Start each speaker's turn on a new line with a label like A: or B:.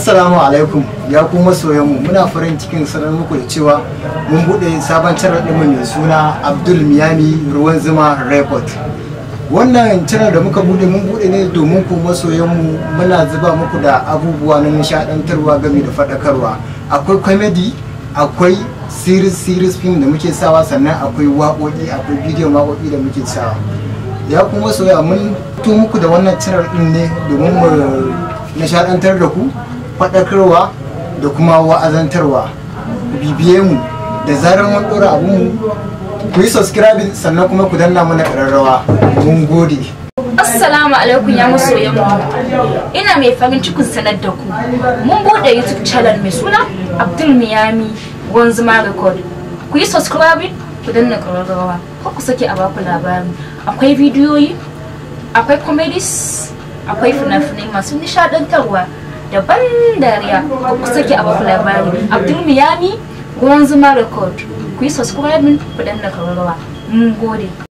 A: Assalamu alaikum ya kuma mu muna farin cikin sanar muku da cewa mun bude sabon channel ɗinmu mai suna Abdul Miami Ruwan Zuma Report. Wannan channel da muka bude mun bude ne domin ku mu muna zuba muku da abubuwa na nishaɗantarwa game da faɗakarwa. Akwai comedy, akwai series series film da muke sawa sannan akwai waƙoƙi akwai bidiyon waƙoƙi da muke sawa. Ya kuma soya mun to muku da wannan channel ɗin ne domin mu nishaɗantar da ku faɗakarwa da kuma wa'azantarwa bibiye mu da zarar mun ɗora abinmu ku yi subscribe sannan kuma ku danna mana ƙararrawa mun gode
B: Assalamu alaikum ya masoyan mu. Ina mai farin cikin sanar da ku. Mun bude YouTube channel mai suna Abdul Miami Gonzuma Record. Ku yi subscribe ku danna ƙararrawa. Ko ku sake a baku labari. Akwai bidiyoyi, akwai comedies, akwai fina-finai masu nishadantarwa. daban dariya ku sake a bakula labari abdul miyami ma record ku yi subscribe ku danna kararrawa mun gode